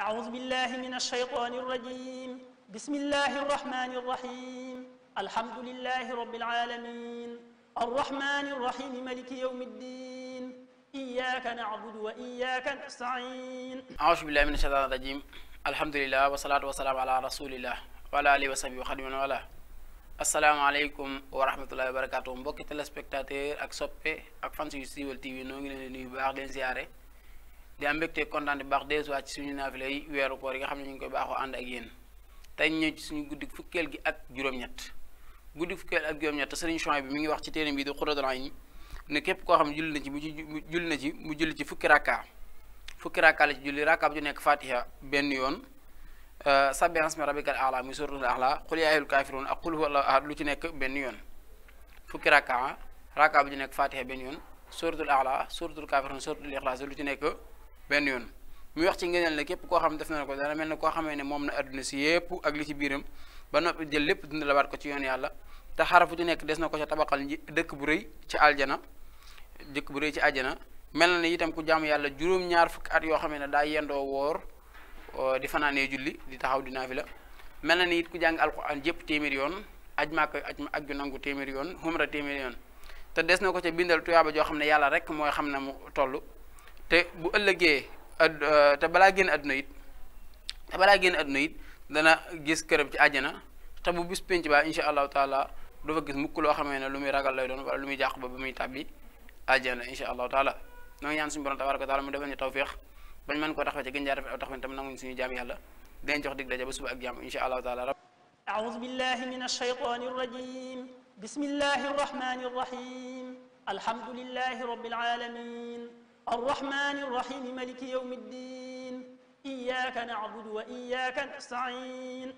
أعوذ بالله من الشيطان الرجيم بسم الله الرحمن الرحيم الحمد لله رب العالمين الرحمن الرحيم ملك يوم الدين إياك نعبد وإياك نستعين أعوذ بالله من الشيطان الرجيم الحمد لله والصلاة والسلام على رسول الله وعلى آله وصحبه وخدمه ولا السلام عليكم ورحمة الله وبركاته mbokki téléspectateur أكسوبي أكفانسي ak تيوي نوغي siiwal TV di am mbégte kontaan di baax dellusi waat ci suñu naafila yi weeru koor yi nga xam ne ñu ngi koy baaxoo ànd ak yéen tey ñëw ci suñu guddi fukkeel gi ak juróom-ñett guddi fukkeel ak juróom-ñett sëriñ Chouin bi mi ngi wax ci téere bi di Xuratul Ayni ne képp koo xam ne julli na ci mu julli na ci mu julli ci fukki rakka fukki rakka la ci julli rakka bu ci nekk Fatiha benn yoon sabbi isma rabbikal a'la muy suratul a'la qul yaa ayyuhal kaafiruun ak qul huwallahu ahad lu ci nekk benn yoon fukki rakka rakka bu ci nekk Fatiha benn yoon suratul a'la suratul kaafiruun suratul ixlaas lu ci nekk ben yoon mu wax ci ngeenel la képp koo xam def na ko dara mel ne koo xamee ne moom na adduna si yépp ak li ci biiram ba noppi jël lépp dund la waat ko ci yoon yàlla te xarafu ci nekk des na ko ca tabaxal ji dëkk bu rëy ci aljana dëkk bu rëy ci aljana mel na ne itam ku jaamu yàlla jurum ñaar fuk at yoo xamee ne daa yendoo woor oh, di fanaanee julli di taxaw di naafila mel na it ku jàng alquran jëpp téeméer yoon aj ko aj ak ju nangu téeméer yoon humra téeméer yoon te des na ko ca bindal tuyaaba joo xam ne yàlla rek mooy xam na mu toll te bu ëllëgee ad te balaa génn àdduna it te balaa génn àdduna it dana gis këram ci àjjana te bu bis penc baa incha allahu taala du fa gis mukk loo xamee ne lu muy ragal lay doon wala lu muy jàq ba ba muy tàbbi àjjana incha allahu taala noo ngi ñaan suñu borom tabaraka taala mu defal ñu tawfiq bañ mën koo taxawee ci gën jaa rafet aw taxawin tam nanguñ suñu jaam yàlla dañ jox dig daje ba suba ak jàmm incha allahu taala rab أعوذ بالله من الشيطان الرجيم بسم الله الرحمن الرحيم الحمد لله رب العالمين الرحمن الرحيم ملك يوم الدين إياك نعبد وإياك نستعين